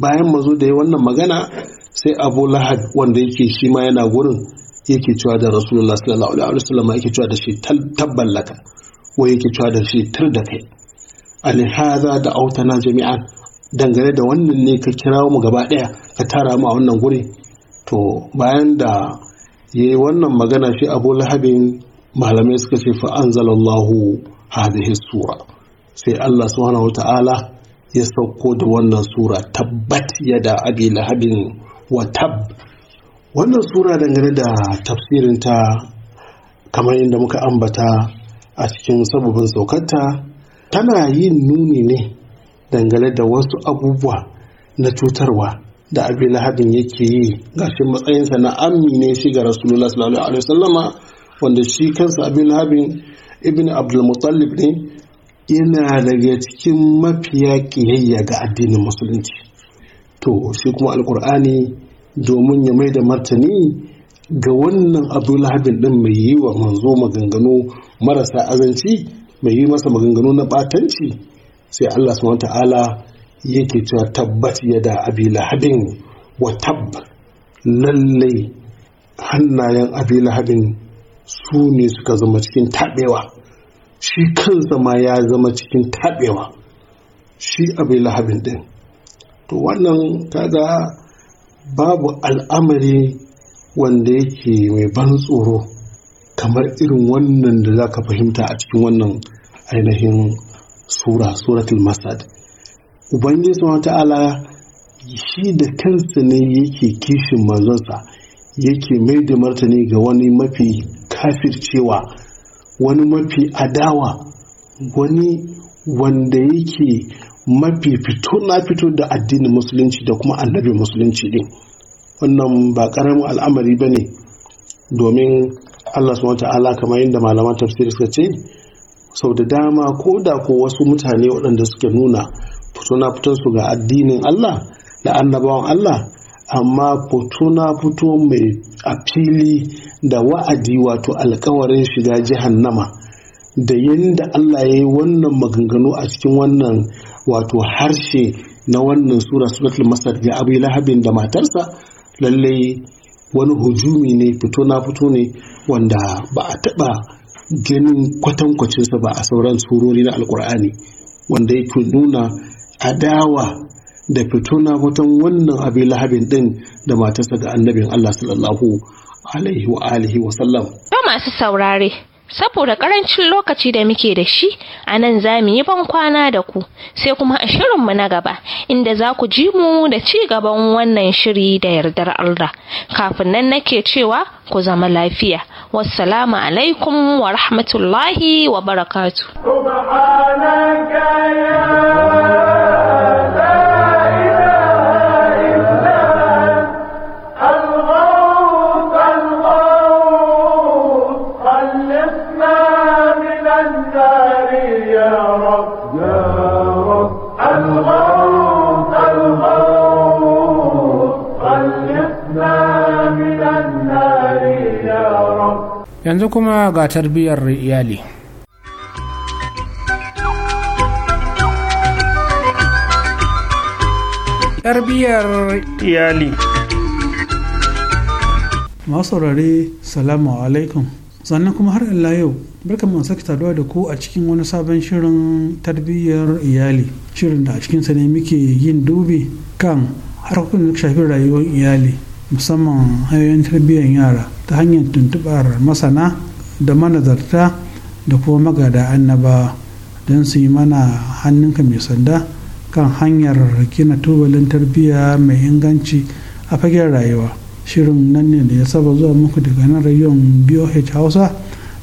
bayan mazo da ya wannan magana sai abu lahab wanda yake shi ma yana gurin yake cewa da rasulullah sallallahu alaihi wasallam yake cewa da shi tabballaka ko yake cewa da shi tur da kai alihaza da autana jami'an dangane da wannan ne ka kira mu gaba ɗaya ka tara mu a wannan guri to bayan da ya yi wannan magana shi abu lahabin malamai suka ce fa anzalallahu hadhihi sura sai Allah subhanahu Ta'ala ya sauko da wannan sura tabbat yada abi lahabin wa tab wannan sura dangane da tafsirin ta kamar yadda muka ambata a cikin sababin saukarta tana yin nuni ne dangane da wasu abubuwa na cutarwa da abi lahabin yake yi gashin matsayinsa na amine shi ga rasulullah sallallahu alaihi wasallama wanda shi kansa abin labin ibn abdulmutallib ne yana daga cikin mafiya ƙiyayya ga addinin musulunci to shi kuma alkur'ani domin ya mai da martani ga wannan abdulhabin din mai yi wa manzo maganganu marasa azanci mai yi masa maganganu na batanci sai allah subhanahu ta'ala yake cewa tabbat yada abilahabin wa tab lallai hannayen abilahabin su ne suka zama cikin taɓewa shi kansa ma ya zama cikin taɓewa shi abu lahabin ɗin to wannan kaga babu al'amari wanda yake mai ban tsoro kamar irin wannan da za ka fahimta a cikin wannan ainihin sura suratul masad ubangiji subhanahu ta'ala shi da kansa ne yake kishin manzonsa yake mai da martani ga wani mafi kafircewa wani mafi adawa wani wanda yake mafi fito na fito da addinin musulunci da kuma annabi musulunci din wannan ba karamin al'amari ba ne domin allah su ta'ala kamar yadda malaman tafsir suka ce sau da dama ko da ko wasu mutane waɗanda suke nuna fito na fito su ga addinin allah da annabawan allah amma fito na fito mai a fili da wa'adi wato alkawarin shiga nama, da yadda Allah ya yi wannan maganganu a cikin wannan wato harshe na wannan sura suratul masar ga abu lahabin da matarsa lallai wani hujumi ne fito na fito ne wanda ba a taɓa ganin kwatankwacinsa ba a sauran surori na alkur'ani wanda yake nuna adawa da fito na fiton wannan yi lahabin din da matarsa ga annabin Allah sallallahu alaihi wa alihi wa sallam. Ba masu saurare, saboda karancin lokaci da muke da shi a nan za mu yi ban kwana da ku sai kuma a shirin mu na gaba inda za ku ji mu da ci gaban wannan shiri da yardar Allah kafin nan nake cewa ku zama lafiya wassalamu alaikum wa rahmatullahi wa barakatu yanzu kuma ga tarbiyyar iyali tarbiyyar iyali masu saurare salamu alaikum sannan kuma har Allah yau barkan masu sake taruwa da ku a cikin wani sabon shirin tarbiyyar iyali shirin da a cikinsa ne muke yin dubi kan harkokin da shafin rayuwar iyali musamman hanyoyin tarbiyyar yara ta hanyar tuntubar masana da manazarta da kuma magada annaba don su yi mana hannunka mai sanda kan hanyar gina tubalin tarbiyya mai inganci a fagen rayuwa shirin nan ne da ya saba zuwa muku daga nan rayon boh hausa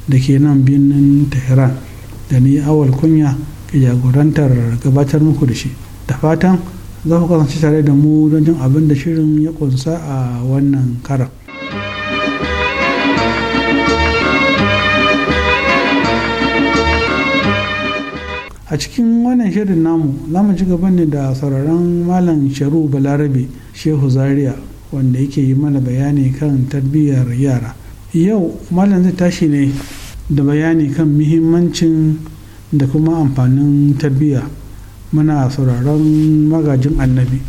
da ke nan birnin tehran da ni awal kunya ke jagorantar gabatar muku da shi da fatan za ku kasance tare da mu don jin abin da shirin ya kunsa a wannan karan. a cikin wannan shirin namu za mu ci gaba ne da sauraron malam sharu balarabe shehu zaria wanda yake yi mana bayani kan tarbiyyar yara yau malam zai tashi ne da bayani kan muhimmancin da kuma amfanin tarbiyya muna sauraron magajin annabi.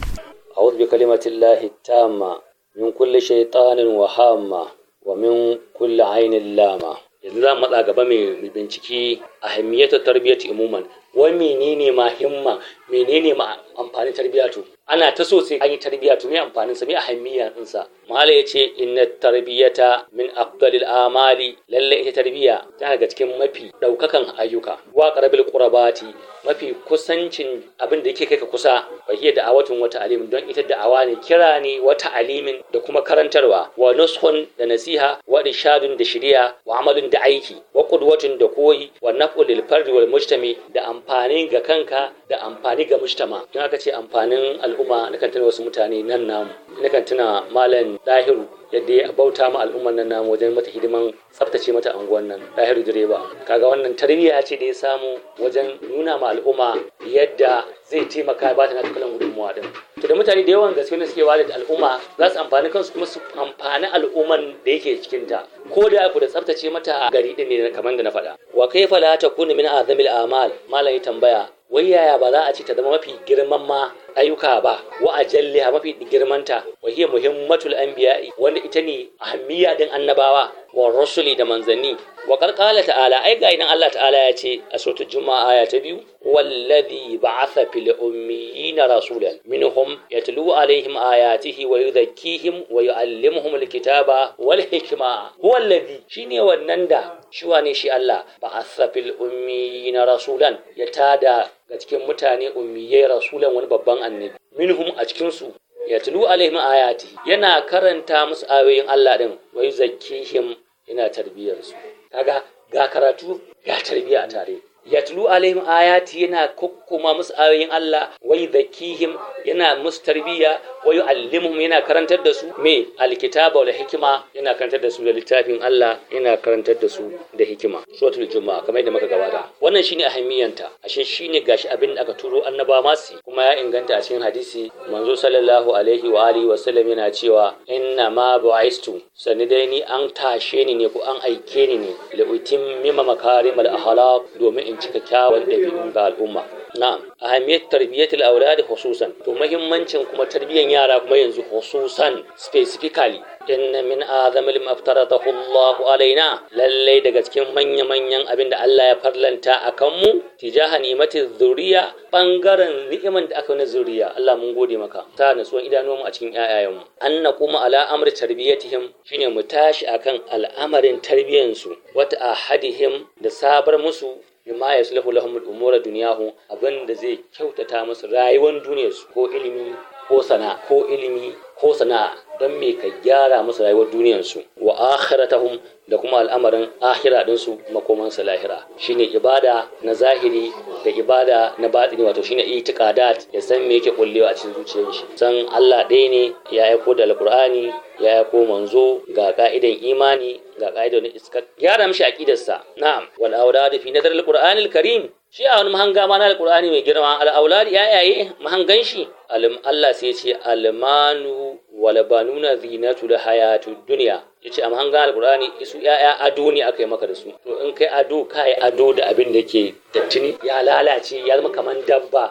a wuzbi kalimatin Ta'amma min kulle shaitanin wa wa min kulle ainihin lama yanzu za matsa gaba mai binciki a hamiyyatar tarbiyyar imuman wani menene ma himma menene ma amfani tarbiyyatu ana ta so sai an yi tarbiyya to me amfanin sa me ahammiya din sa mala ce inna tarbiyata min afdalil amali lalle ita tarbiyya tana daga cikin mafi daukakan ayyuka wa qarabil qurabati mafi kusancin abin da yake kai ka kusa bayyana da'awatun wata alimin don ita da'awa ne kira ne wata alimin da kuma karantarwa wa nushun da nasiha wa irshadun da shiriya wa amalin da aiki wa qudwatun da koyi wa naf'ul fardi wal mujtami da amfani ga kanka da amfani ga mujtama don aka ce amfanin al al'umma nakan tuna wasu mutane nan namu nakan tuna malam dahiru yadda ya bauta ma al'ummar nan namu wajen mata hidiman tsaftace mata anguwan nan dahiru direba kaga wannan tarbiyya ce da ya samu wajen nuna ma al'umma yadda zai taimaka ba ta na tukalan gudunmuwa din to da mutane da yawan gaske ne suke bada da al'umma za su amfani kansu kuma su amfani al'umman da yake cikin ta ko da ku da tsaftace mata a gari din ne kamar da na faɗa wa kaifa la takunu min azamil amal malam ya tambaya wai yaya ba za a ce ta zama mafi girman ma ayyuka ba wa ajalliha mafi girmanta wa hiya muhimmatul anbiya'i wanda ita ne ahammiya din annabawa wa rusuli da manzanni wa qala ta'ala ai ga idan Allah ta'ala ya ce a sota juma'a aya ta biyu wallazi ba'atha fil ummiyina rasulan minhum yatlu alaihim ayatihi wa yuzakkihim wa yuallimuhum alkitaba wal hikma huwa shine wannan da shi wane shi Allah ba'atha fil ummiyina rasulan ya tada ga cikin mutane ummiyai rasulan wani babban annabi minhum a cikin su yatlu alaihim ayati yana karanta musu ayoyin Allah din wa yuzakkihim yana tarbiyar su kaga ga karatu ga tarbiya tare yatlu alaihim ayati yana kukkuma musu ayoyin Allah wai zakihim yana musu tarbiya, wai allimuhum yana karantar da su me alkitaba wal hikima yana karantar da su da littafin Allah yana karantar da su da hikima suratul juma'a kamar da muka gabata wannan shine ahammiyanta ashe shine gashi abin da aka turo annaba masu kuma ya inganta a cikin hadisi manzo sallallahu alaihi wa alihi wasallam yana cewa inna ma bu'aistu sani dai ni an tashe ni ne ko an aike ni ne la utim mimma makarimal ahlaq domin fahimci kyakkyawan ɗabi'u ga al'umma na'am ahamiyat tarbiyyatul auladi hususan to muhimmancin kuma tarbiyyan yara kuma yanzu hususan specifically inna min azamil maftaratahu Allahu alaina lallai daga cikin manya-manyan abin da Allah ya farlanta a kanmu tijaha ni'mati zuriya bangaren ni'iman da aka na zuriya Allah mun gode maka ta natsuwan idanuwanmu a cikin ƴaƴayenmu an na kuma ala amri tarbiyatihim shine mu tashi akan al'amarin tarbiyyansu wata ahadihim da sabar musu ya yaslahu lahum al-umura dunyahu abinda zai kyautata musu rayuwar duniyarsu ko ilimi ko sana'a ko ilimi ko sana'a don me ka gyara musu rayuwar duniyarsu wa akhiratahum da kuma al'amarin ahira dinsu makomansa lahira shine ibada na zahiri da ibada na batini wato shine itiqadat ya san me yake kullewa a cikin zuciyar shi san Allah ɗaya ne ya aiko da alqur'ani ya aiko manzo ga ka'idan imani ga ka'idan iska gyara mishi aqidarsa na'am wal awladu fi nadar alqur'ani alkarim shi a wani mahanga ma na alqur'ani mai girma al awlad yaye mahangan shi Allah sai ya ce almanu ولبانون زينة الحياة الدنيا ya ce amma hanga alkurani su ya'ya ado ne aka yi maka da su to in kai ado ka yi ado da abin da ke dattini ya lalace ya zama kamar dabba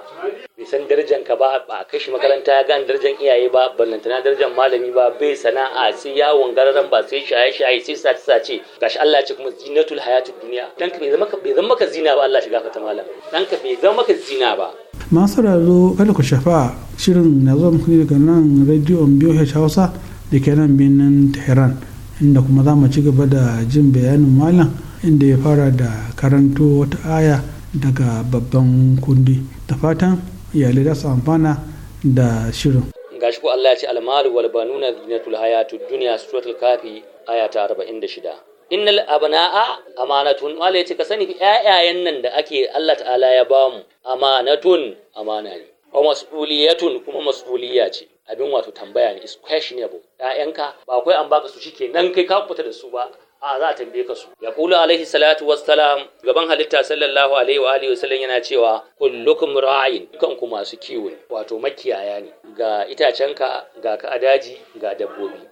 bai san darajar ka ba ba kai shi makaranta ya gane darajar iyaye ba ballantana darajar malami ba bai sana'a sai yawon gararan ba sai shaye shaye sai sace sace gashi Allah ya ce kuma zinatul hayatid duniya dan ka bai zama bai zama maka zina ba Allah shiga ka ta malam dan ka bai zama maka zina ba masu raro kada ku shafa shirin na zo muku daga nan radio biyu hausa da ke nan birnin tehran inda kuma za mu ci gaba da jin bayanin malam inda ya fara da karanto wata aya daga babban kundi da fatan iyalai da su amfana da shirin Ga shi ko Allah ya ce almalu wal banuna zinatul hayatud dunya suratul kafi aya ta 46 innal abna'a amanatun wala yace ka sani ƴaƴayen nan da ake Allah ta'ala ya bamu amanatun amana ne wa mas'uliyatun kuma mas'uliyya ce abin wato tambaya ne is questionable ƴaƴanka ba kai an baka su shike nan kai ka fita da su ba a za a tambaye ka su ya kula alaihi salatu wassalam gaban halitta sallallahu alaihi wa alihi wasallam yana cewa kullukum ra'in kanku masu kiwo wato makiyaya ne ga itacenka ga ka adaji ga dabbobi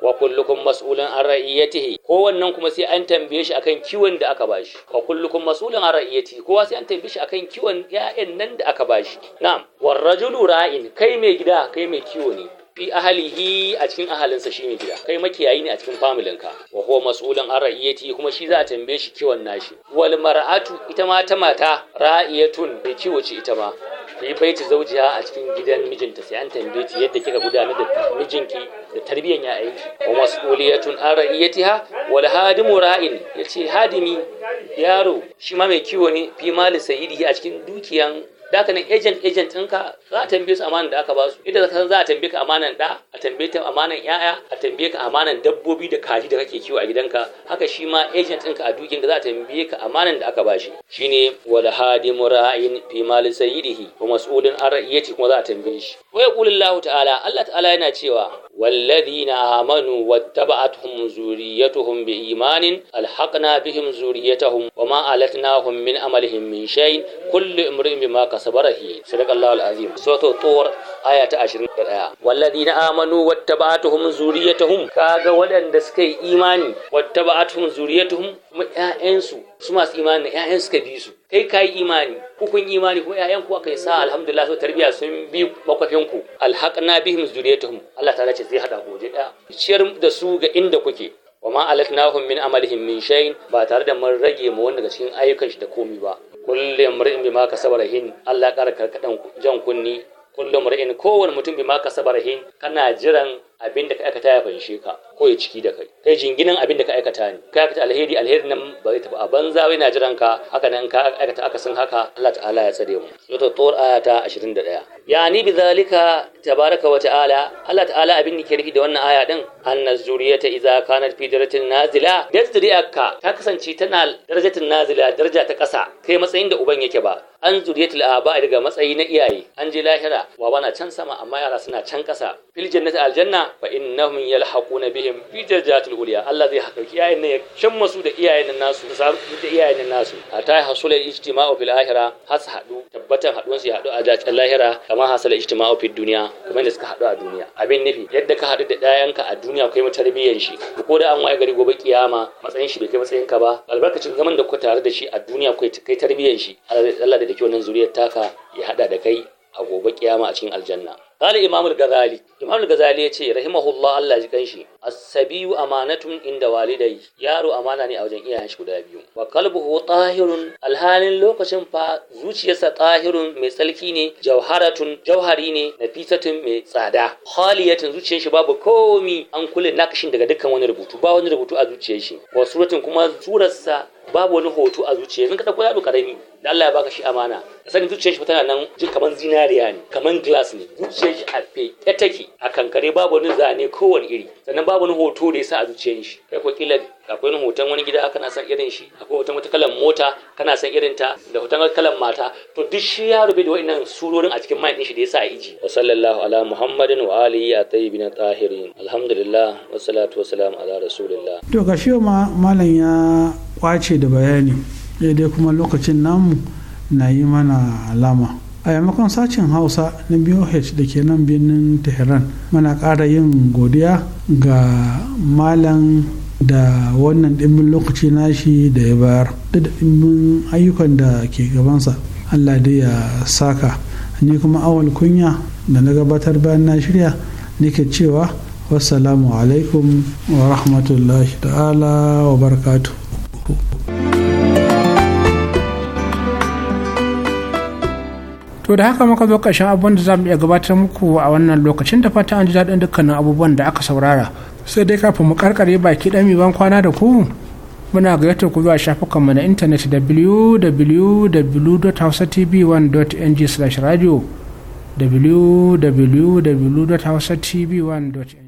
wa kullukum mas'ulun an ra'iyatihi kowannan kuma sai an tambaye shi akan kiwon da aka bashi wa kullukum mas'ulun an ra'iyatihi kowa sai an tambaye shi akan kiwon 'ya'yan nan da aka bashi na'am war rajulu ra'in kai mai gida kai mai kiwo ne fi ahalihi a cikin ahalinsa shi ne gida kai makiyayi ne a cikin ka wa huwa mas'ulun an ra'iyatihi kuma shi za a tambaye shi kiwon nashi wal mar'atu ita ma ta mata ra'iyatun bai kiwo ce ita ma ta yi baiti zaujiya a cikin gidan mijinta sai an tambaye ta yadda kika gudanar da mijinki da tarbiyyar aiki wa mas'uliyatun an ha, wal hadimu ra'in yace hadimi yaro shi ma mai kiwo ne fi mali sayidi a cikin dukiyan da haka nan agent agent ɗinka za a tambaye su amanan da aka ba su ita ka za a tambaye ka amanan da a tambaye ta amanan yaya a tambaye ka amanan dabbobi da kaji da kake kiwo a gidanka haka shi ma agent ɗinka a dukin za a tambaye ka amanan da aka ba shi shine wal hadi mura'in fi mal sayyidihi wa mas'ulun an ra'iyati kuma za a tambaye shi wa yaqulu Allah ta'ala Allah ta'ala yana cewa walladhina amanu wattaba'atuhum zuriyatuhum bi imanin alhaqna bihim zuriyatahum wa ma alatnahum min amalihim min shay kullu imrin bima صبره صدق الله العظيم سورة الطور آية 21 والذين آمنوا واتبعتهم ذريتهم كاغا ودن دسكي إيماني واتبعتهم ذريتهم ‘ya'yansu su masu imani ‘ya'yan suka bi su kai ka yi imani kukun imani ko ‘ya'yan ku aka yi sa alhamdulillah su tarbiya sun bi makwafin ku alhaqna bihim zuriyatuhum Allah ta ce zai hada goje ɗaya ciyar da su ga inda kuke wa ma alatnahum min amalihim min shay'in ba tare da mun rage mu wanda daga cikin ayyukan shi da komi ba kullum mar'in bi ma kasaba rahin Allah ya ƙara karkadan jan kunni kullum mar'in kowane mutum bi ma kasaba rahin kana jiran abin da ka aikata ya fanshe ka ko ya ciki da kai kai jinginin abin da ka aikata ne ka aikata alheri alheri nan ba zai tafi a banza wai na jiran ka haka nan ka aikata aka san haka Allah ta'ala ya tsare mu sura tur ayata ta 21 ni bi zalika tabaraka wa ta'ala Allah ta'ala abin da ke rufi da wannan aya din annas zuriyata idza kanat fi daratin nazila zuriyarka ta kasance tana darajatin nazila daraja ta kasa kai matsayin da uban yake ba an zuriyatul aba daga matsayi na iyaye an je lahira wa bana can sama amma yara suna can kasa fil jannati aljanna fa innahum yalhaquna bihim fi darajatil ulya Allah zai haɗauki iyayen nan ya cimma su da iyayen nan nasu da iyayen nan nasu hatta hasula ijtima'u bil ahira has haɗu tabbatan haɗuwan su ya haɗu a dacin lahira kama hasala ijtima'u fid duniya kamar da suka hadu a duniya abin nufi yadda ka hadu da ɗayanka a duniya kai mu tarbiyyar shi ko da an waye gari gobe kiyama matsayin shi bai kai matsayin ka ba albarkacin zaman da ku tare da shi a duniya kai tarbiyyar shi Allah da dake wannan zuriyar taka ya haɗa da kai a gobe kiyama a cikin aljanna qala imam al-ghazali imam al-ghazali yace rahimahullah Allah ji kanshi as-sabiyu amanatun inda walidai yaro amana ne a wajen iyayen shi guda biyu wa qalbuhu tahirun alhalin lokacin fa zuciyarsa tahirun mai tsalki ne jawharatun jauhari ne nafisatun mai tsada haliyatun zuciyar shi babu komi an kulle nakashin daga dukkan wani rubutu ba wani rubutu a zuciyar shi wa suratun kuma surarsa babu wani hoto a zuciya yanzu ka dauko yaro karami da Allah ya baka shi amana ka sani zuciyar shi tana nan jin kaman zinariya ne kaman glass ne zuciyar shi a fete take a kankare babu wani zane kowane iri sannan babu wani hoto da yasa a zuciyar shi kai ko kila akwai wani hoton wani gida kana san irin shi akwai hoton wata kalan mota kana san irin ta da hoton kalan mata to duk shi ya rubuta da wa'annan surorin a cikin mayin shi da yasa a iji wa sallallahu ala muhammadin wa alihi at-tayyibin tahirin alhamdulillah wassalatu wassalamu ala rasulillah to gashi ma malam ya kwace da bayani eh, dai kuma lokacin namu na yi mana alama a yamakon sacin hausa na boh da ke nan birnin tehran mana ƙara yin godiya ga malam da wannan ɗimbin lokaci nashi da ya bayar da ɗimbin ayyukan da ke gabansa allah dai ya saka ni kuma awal kunya da na gabatar bayan na shirya nake cewa wassalamu alaikum wa rahmatullahi ta'ala wa barakatuh to da haka muka zo ƙarshen abubuwan da za mu iya gabatar muku a wannan lokacin da fata an ji daɗin dukkanin abubuwan da aka saurara sai dai kafin mu karkare baki ɗan ban kwana da ku muna gayyatar ku zuwa shafukanmu na intanet www.hausatv1.ng/radio www.hausatv1.ng